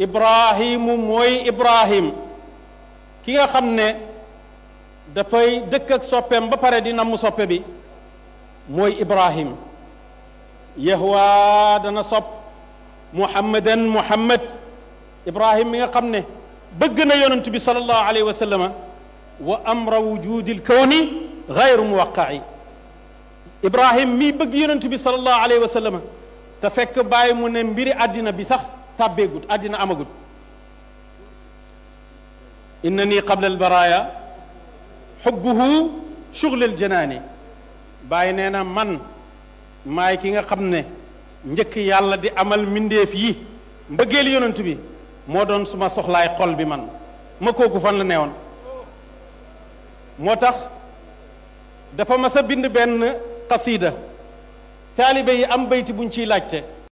ibrahim mooy ibrahim ki nga xam ne dafay dëkk ak soppeem ba pare di namm soppe bi mooy ibrahim yahwa dana sopp muhammadan muhammad ibrahim mi nga xam ne bëgg na yonent bi salallahu alayhi wa sallama wa amra wujudi lkawni gayru muwaqai ibrahim mii bëgg yonent bi salallahu alayhi wa sallama te fekk bàyyi mu ne mbiri àddina bi sax tàbbeegut àddina amagut inna nii qabla albaraaya xubbuhu shuglal janaani bàyyi nee na man maay ki nga xam ne njëkk yàlla di amal mbindeef yi mbëggeel yonent bi moo doon suma soxlaay xol bi man ma kooku fan la neewoon moo tax dafa mas a bind benn xasiida taalibe yi am bayti buñ ciy laajte